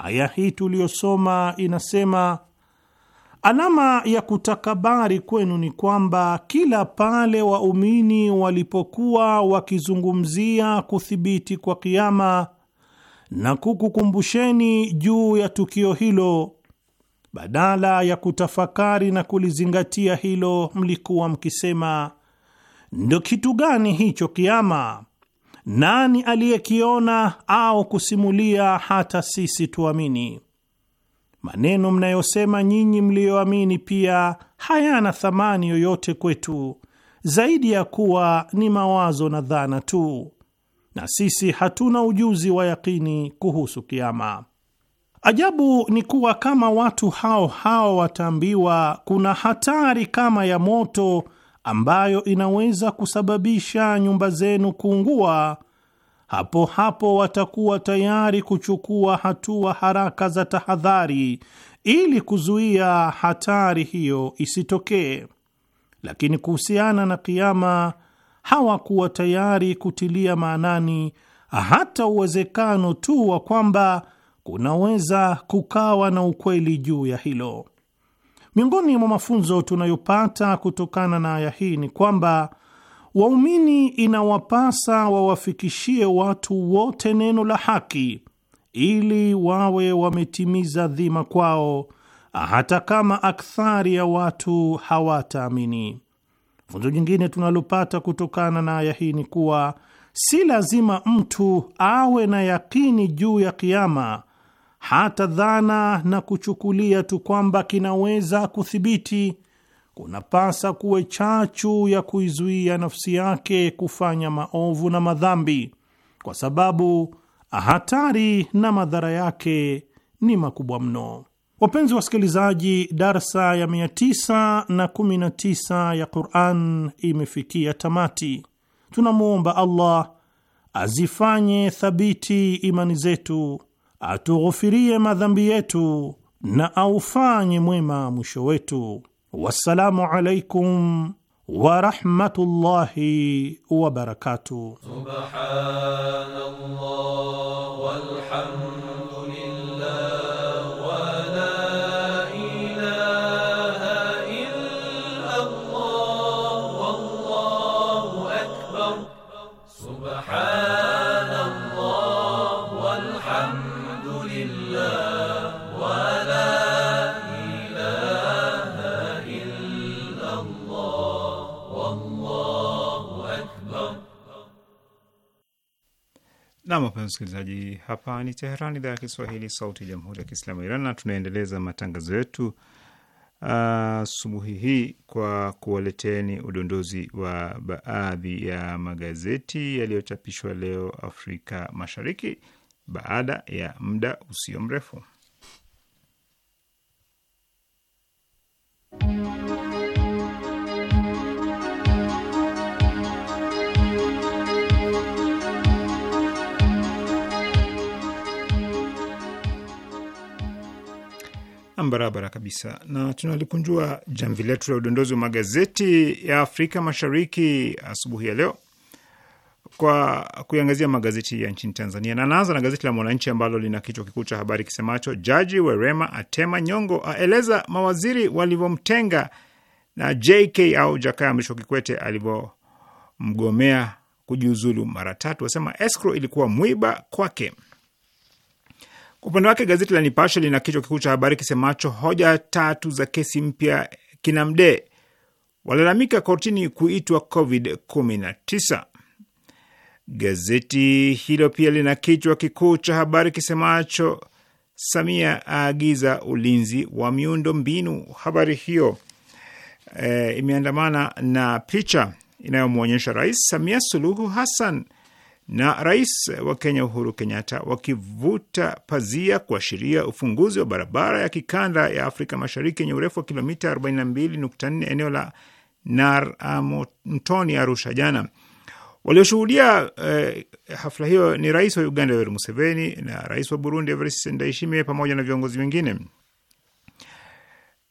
S4: Aya hii tuliyosoma inasema alama ya kutakabari kwenu ni kwamba kila pale waumini walipokuwa wakizungumzia kuthibiti kwa kiama na kukukumbusheni juu ya tukio hilo, badala ya kutafakari na kulizingatia hilo, mlikuwa mkisema, ndo kitu gani hicho kiama? Nani aliyekiona au kusimulia hata sisi tuamini? Maneno mnayosema nyinyi mliyoamini pia hayana thamani yoyote kwetu zaidi ya kuwa ni mawazo na dhana tu, na sisi hatuna ujuzi wa yakini kuhusu kiama. Ajabu ni kuwa kama watu hao hao wataambiwa kuna hatari kama ya moto ambayo inaweza kusababisha nyumba zenu kuungua, hapo hapo watakuwa tayari kuchukua hatua haraka za tahadhari ili kuzuia hatari hiyo isitokee. Lakini kuhusiana na kiama, hawakuwa tayari kutilia maanani hata uwezekano tu wa kwamba kunaweza kukawa na ukweli juu ya hilo. Miongoni mwa mafunzo tunayopata kutokana na aya hii ni kwamba waumini inawapasa wawafikishie watu wote neno la haki ili wawe wametimiza dhima kwao, hata kama akthari ya watu hawataamini. Funzo jingine tunalopata kutokana na aya hii ni kuwa si lazima mtu awe na yakini juu ya kiama hata dhana na kuchukulia tu kwamba kinaweza kuthibiti, kunapasa kuwe chachu ya kuizuia nafsi yake kufanya maovu na madhambi, kwa sababu hatari na madhara yake ni makubwa mno. Wapenzi wasikilizaji, darsa ya 919 ya Quran imefikia tamati. Tunamwomba Allah azifanye thabiti imani zetu atughufirie madhambi yetu na aufanye mwema mwisho wetu. Wassalamu alaikum warahmatullahi wabarakatuh.
S5: Subhanallah.
S3: wapenzi wasikilizaji, hapa ni Teheran, idhaa ya Kiswahili, sauti ya jamhuri ya kiislamu ya Iran, na tunaendeleza matangazo yetu uh, asubuhi uh, hii kwa kuwaleteni udondozi wa baadhi ya magazeti yaliyochapishwa leo Afrika Mashariki baada ya muda usio mrefu. barabara kabisa, na tunalikunjua jamvi letu la udondozi wa magazeti ya Afrika Mashariki asubuhi ya leo kwa kuiangazia magazeti ya nchini Tanzania, na naanza na gazeti la Mwananchi ambalo lina kichwa kikuu cha habari kisemacho Jaji Werema atema nyongo, aeleza mawaziri walivyomtenga na JK au Jakaya Mrisho Kikwete alivyomgomea kujiuzulu mara tatu, asema escrow ilikuwa mwiba kwake. Kwa upande wake gazeti la Nipashe lina kichwa kikuu cha habari kisemacho hoja tatu za kesi mpya Kinamdee walalamika kortini kuitwa Covid 19. Gazeti hilo pia lina kichwa kikuu cha habari kisemacho Samia aagiza ulinzi wa miundo mbinu. Habari hiyo e, imeandamana na picha inayomwonyesha Rais Samia Suluhu Hassan na rais wa Kenya Uhuru Kenyatta wakivuta pazia kuashiria ufunguzi wa barabara ya kikanda ya Afrika Mashariki yenye urefu wa kilomita 42.4 eneo la Narmutoni, Arusha jana. Walioshuhudia eh, hafla hiyo ni rais wa Uganda Yoweri Museveni na rais wa Burundi Evariste Ndayishimiye pamoja na viongozi wengine.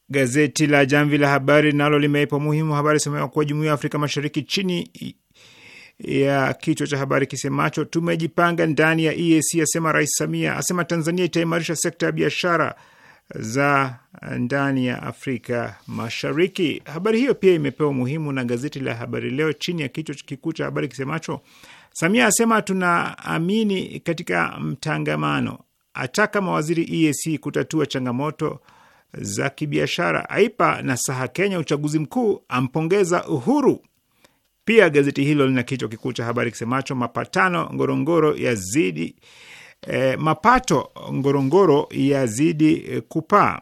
S3: Gazeti la Jamvi la Habari nalo limeipa umuhimu habari semewa kuwa jumuiya ya Afrika Mashariki chini ya kichwa cha habari kisemacho tumejipanga ndani ya EAC, asema Rais Samia, asema Tanzania itaimarisha sekta ya biashara za ndani ya Afrika Mashariki. Habari hiyo pia imepewa umuhimu na gazeti la Habari Leo chini ya kichwa kikuu cha habari kisemacho Samia asema tunaamini katika mtangamano, ataka mawaziri EAC kutatua changamoto za kibiashara, aipa na saha Kenya uchaguzi mkuu, ampongeza Uhuru. Pia gazeti hilo lina kichwa kikuu cha habari kisemacho mapatano Ngorongoro yazidi e, mapato Ngorongoro yazidi e, kupaa.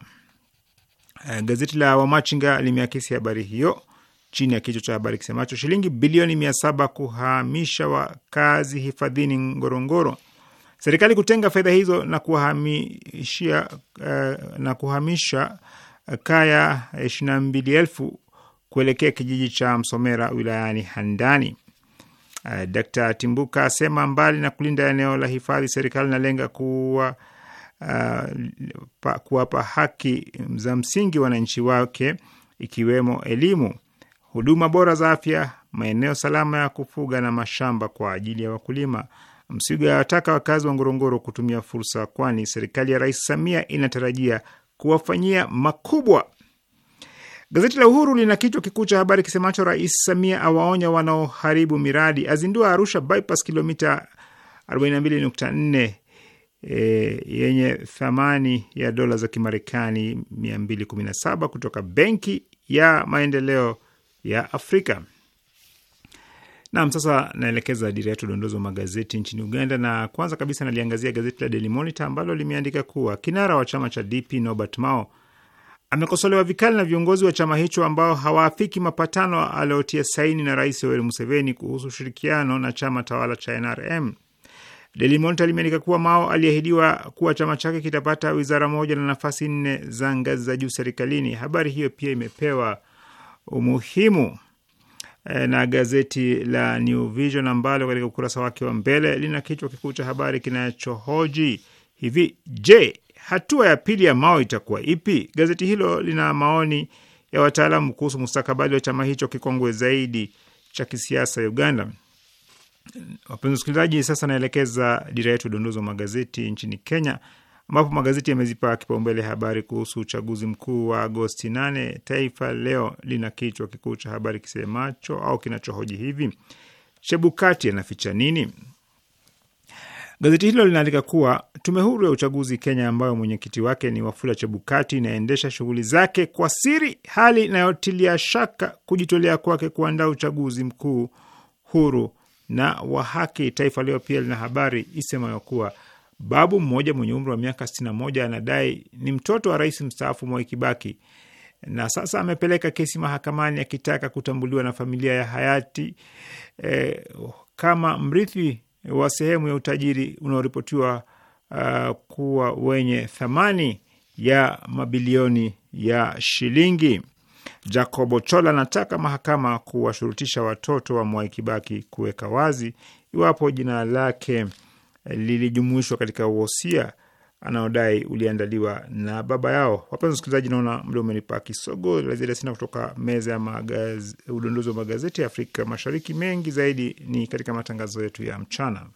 S3: E, gazeti la Wamachinga limeakisi habari hiyo chini ya kichwa cha habari kisemacho shilingi bilioni mia saba kuhamisha wakazi hifadhini Ngorongoro, serikali kutenga fedha hizo na kuhamishia, e, na kuhamisha kaya ishirini na mbili elfu kuelekea kijiji cha Msomera wilayani Handani. Uh, Dr. Timbuka asema mbali na kulinda eneo la hifadhi, serikali inalenga kuwa uh, kuwapa haki za msingi wananchi wake ikiwemo elimu, huduma bora za afya, maeneo salama ya kufuga na mashamba kwa ajili ya wakulima. Msigo awataka wakazi wa Ngorongoro kutumia fursa, kwani serikali ya Rais Samia inatarajia kuwafanyia makubwa. Gazeti la Uhuru lina kichwa kikuu cha habari kisemacho Rais Samia awaonya wanaoharibu miradi, azindua Arusha bypass kilomita 42.4 E, yenye thamani ya dola za Kimarekani 217 kutoka Benki ya Maendeleo ya Afrika. Naam, sasa naelekeza dira yetu dondozi wa magazeti nchini Uganda, na kwanza kabisa naliangazia gazeti la Daily Monitor ambalo limeandika kuwa kinara wa chama cha DP Nobert Mao amekosolewa vikali na viongozi wa chama hicho ambao hawaafiki mapatano aliyotia saini na Rais Yoweri Museveni kuhusu ushirikiano na chama tawala cha NRM. Daily Monitor limeandika kuwa Mao aliahidiwa kuwa chama chake kitapata wizara moja na nafasi nne za ngazi za juu serikalini. Habari hiyo pia imepewa umuhimu eh, na gazeti la New Vision ambalo katika ukurasa wake wa mbele lina kichwa kikuu cha habari kinachohoji hivi: Je, hatua ya pili ya Mao itakuwa ipi? Gazeti hilo lina maoni ya wataalamu kuhusu mustakabali wa chama hicho kikongwe zaidi cha kisiasa Uganda. Wapenzi wasikilizaji, sasa naelekeza dira yetu udondozi wa magazeti nchini Kenya, ambapo magazeti yamezipa kipaumbele habari kuhusu uchaguzi mkuu wa Agosti 8. Taifa Leo lina kichwa kikuu cha habari kisemacho au kinachohoji hivi: Chebukati anaficha nini? Gazeti hilo linaandika kuwa tume huru ya uchaguzi Kenya, ambayo mwenyekiti wake ni Wafula Chebukati, inaendesha shughuli zake kwa siri, hali inayotilia shaka kujitolea kwake kuandaa uchaguzi mkuu huru na wa haki. Taifa Leo pia lina habari isemayo kuwa babu mmoja mwenye umri wa miaka 61 anadai ni mtoto wa rais mstaafu Mwai Kibaki na sasa amepeleka kesi mahakamani akitaka kutambuliwa na familia ya hayati eh, kama mrithi wa sehemu ya utajiri unaoripotiwa uh, kuwa wenye thamani ya mabilioni ya shilingi. Jacobo Chola anataka mahakama kuwashurutisha watoto wa Mwai Kibaki kuweka wazi iwapo jina lake lilijumuishwa katika uhosia anaodai uliandaliwa na baba yao. Wapenzi wasikilizaji, naona muda umenipa kisogo. La ziada sina kutoka meza ya magaz... udondozi wa magazeti ya Afrika Mashariki. Mengi zaidi ni katika matangazo yetu ya mchana.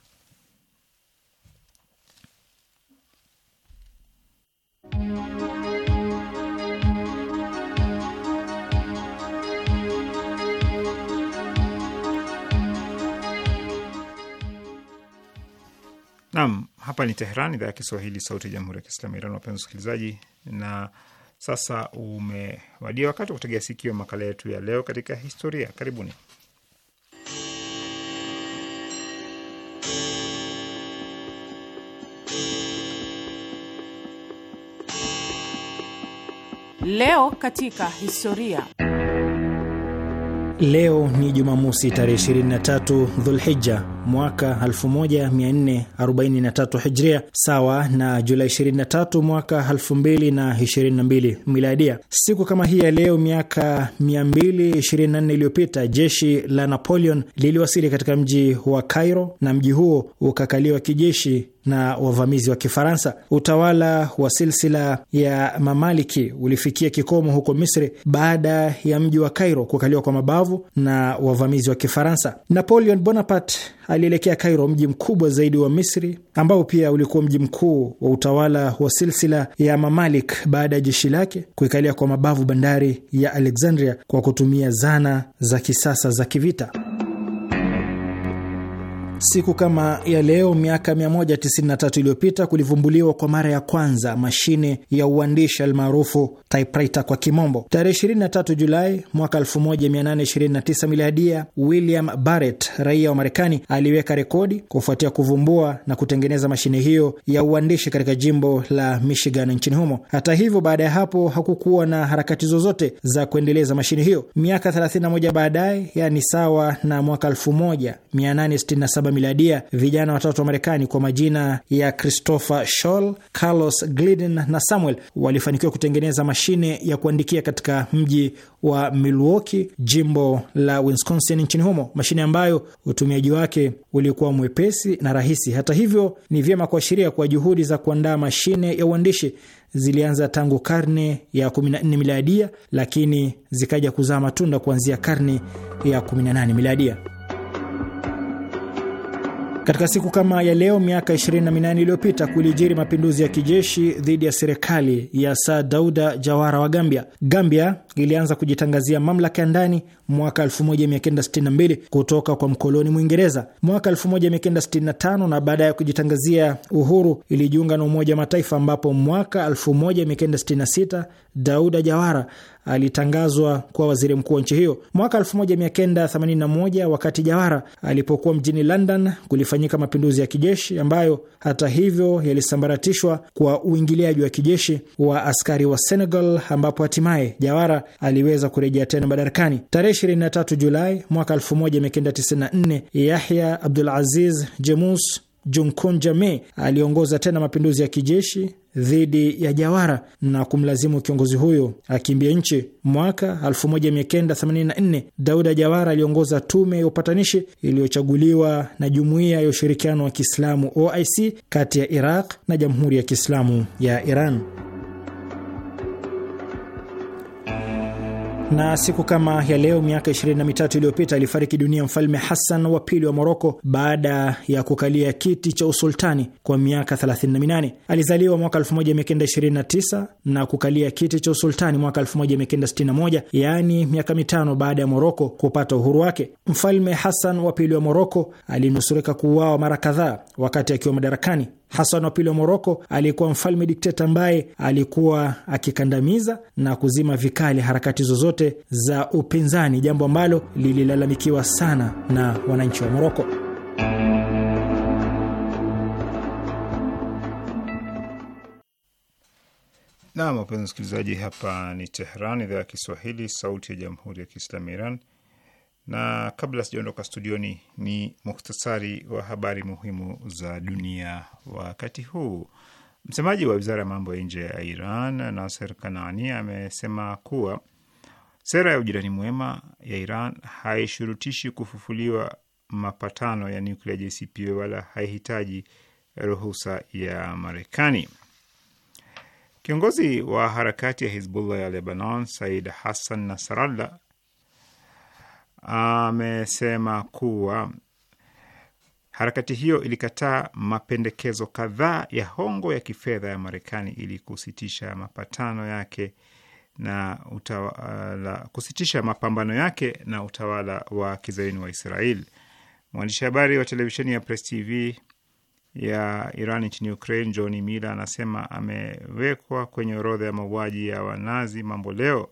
S3: Naam. Hapa ni Teheran, idhaa ya Kiswahili, sauti ya jamhuri ya kiislamu ya Iran. Wapenzi wasikilizaji, na sasa umewadia wakati wa kutegea sikio makala yetu ya leo, katika historia. Karibuni.
S6: Leo katika historia
S7: Leo ni Jumamosi tarehe 23 Dhulhija mwaka 1443 Hijria, sawa na Julai 23 mwaka 2022 Miladia. Siku kama hii ya leo miaka 224 iliyopita jeshi la Napoleon liliwasili katika mji wa Cairo na mji huo ukakaliwa kijeshi na wavamizi wa Kifaransa. Utawala wa silsila ya Mamaliki ulifikia kikomo huko Misri baada ya mji wa Cairo kukaliwa kwa mabavu na wavamizi wa Kifaransa. Napoleon Bonaparte alielekea Cairo, mji mkubwa zaidi wa Misri, ambao pia ulikuwa mji mkuu wa utawala wa silsila ya Mamalik, baada ya jeshi lake kuikalia kwa mabavu bandari ya Alexandria kwa kutumia zana za kisasa za kivita. Siku kama ya leo miaka 193 iliyopita kulivumbuliwa kwa mara ya kwanza mashine ya uandishi almaarufu typewriter kwa kimombo. Tarehe 23 Julai mwaka 1829 miliadia, William Barrett raia wa Marekani aliweka rekodi kufuatia kuvumbua na kutengeneza mashine hiyo ya uandishi katika jimbo la Michigan nchini humo. Hata hivyo, baada ya hapo hakukuwa na harakati zozote za kuendeleza mashine hiyo. Miaka 31 baadaye, yani sawa na mwaka 1867 miladia vijana watatu wa Marekani kwa majina ya Christopher Scholl, Carlos Glidden na Samuel walifanikiwa kutengeneza mashine ya kuandikia katika mji wa Milwaukee, jimbo la Wisconsin nchini humo, mashine ambayo utumiaji wake ulikuwa mwepesi na rahisi. Hata hivyo, ni vyema kuashiria kwa juhudi za kuandaa mashine ya uandishi zilianza tangu karne ya 14 miladia, lakini zikaja kuzaa matunda kuanzia karne ya 18 miladia. Katika siku kama ya leo miaka 28 iliyopita kulijiri mapinduzi ya kijeshi dhidi ya serikali ya Saa Dauda Jawara wa Gambia. Gambia ilianza kujitangazia mamlaka ya ndani mwaka 1962 kutoka kwa mkoloni Mwingereza. Mwaka 1965 na baada ya kujitangazia uhuru ilijiunga na Umoja wa Mataifa, ambapo mwaka 1966 Dauda Jawara alitangazwa kuwa waziri mkuu wa nchi hiyo. Mwaka 1981 wakati Jawara alipokuwa mjini London, kulifanyika mapinduzi ya kijeshi ambayo hata hivyo yalisambaratishwa kwa uingiliaji wa kijeshi wa askari wa Senegal, ambapo hatimaye Jawara aliweza kurejea tena madarakani tarehe 23 Julai mwaka 1994. Yahya Abdul Aziz Jemus Jame aliongoza tena mapinduzi ya kijeshi dhidi ya Jawara na kumlazimu kiongozi huyo akimbia nchi. Mwaka 1984 Dauda Jawara aliongoza tume ya upatanishi iliyochaguliwa na Jumuiya ya Ushirikiano wa Kiislamu OIC kati ya Iraq na Jamhuri ya Kiislamu ya Iran. Na siku kama ya leo miaka 23 iliyopita alifariki dunia mfalme Hassan wa pili wa Moroko baada ya kukalia kiti cha usultani kwa miaka 38. Alizaliwa mwaka 1929 na kukalia kiti cha usultani mwaka 1961, yaani miaka mitano baada ya Moroko kupata uhuru wake. Mfalme Hassan wa pili wa Moroko alinusurika kuuawa mara kadhaa wakati akiwa madarakani hasan wa pili wa Moroko aliyekuwa mfalme dikteta ambaye alikuwa akikandamiza na kuzima vikali harakati zozote za upinzani, jambo ambalo lililalamikiwa sana na wananchi wa Moroko.
S3: Nam, wapenzi msikilizaji, hapa ni Tehran, idhaa ya Kiswahili, sauti ya jamhuri ya kiislamu ya Iran na kabla sijaondoka studioni ni muhtasari wa habari muhimu za dunia wakati huu. Msemaji wa wizara ya mambo ya nje ya Iran Naser Kanani amesema kuwa sera ya ujirani mwema ya Iran haishurutishi kufufuliwa mapatano ya nuklia JCPOA wala haihitaji ruhusa ya Marekani. Kiongozi wa harakati ya Hizbullah ya Lebanon Said Hassan Nasrallah amesema kuwa harakati hiyo ilikataa mapendekezo kadhaa ya hongo ya kifedha ya Marekani ili kusitisha mapatano yake na utawala, kusitisha mapambano yake na utawala wa kizaini wa israel Mwandishi habari wa televisheni ya Press TV ya Iran nchini Ukraine, Johni Miller anasema amewekwa kwenye orodha ya mauaji ya Wanazi mambo leo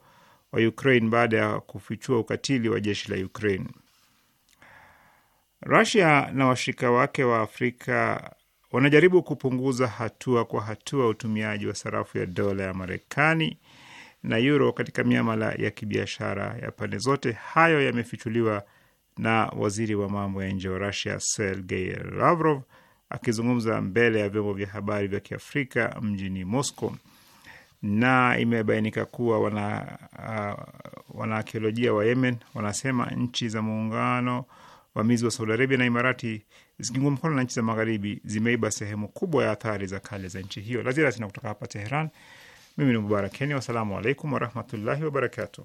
S3: wa Ukraine baada ya kufichua ukatili wa jeshi la Ukraine. Rusia na washirika wake wa Afrika wanajaribu kupunguza hatua kwa hatua utumiaji wa sarafu ya dola ya Marekani na euro katika miamala ya kibiashara ya pande zote. Hayo yamefichuliwa na waziri wa mambo ya nje wa Rusia Sergei Lavrov akizungumza mbele ya vyombo vya habari vya Kiafrika mjini Moscow na imebainika kuwa wana uh, wanaakiolojia wa Yemen wanasema nchi za muungano vamizi wa Saudi Arabia na Imarati zikiungwa mkono na nchi za magharibi zimeiba sehemu kubwa ya athari za kale za nchi hiyo. lazima sina kutoka hapa Teheran. Mimi ni Mubarakeni, wassalamu alaikum warahmatullahi wabarakatuh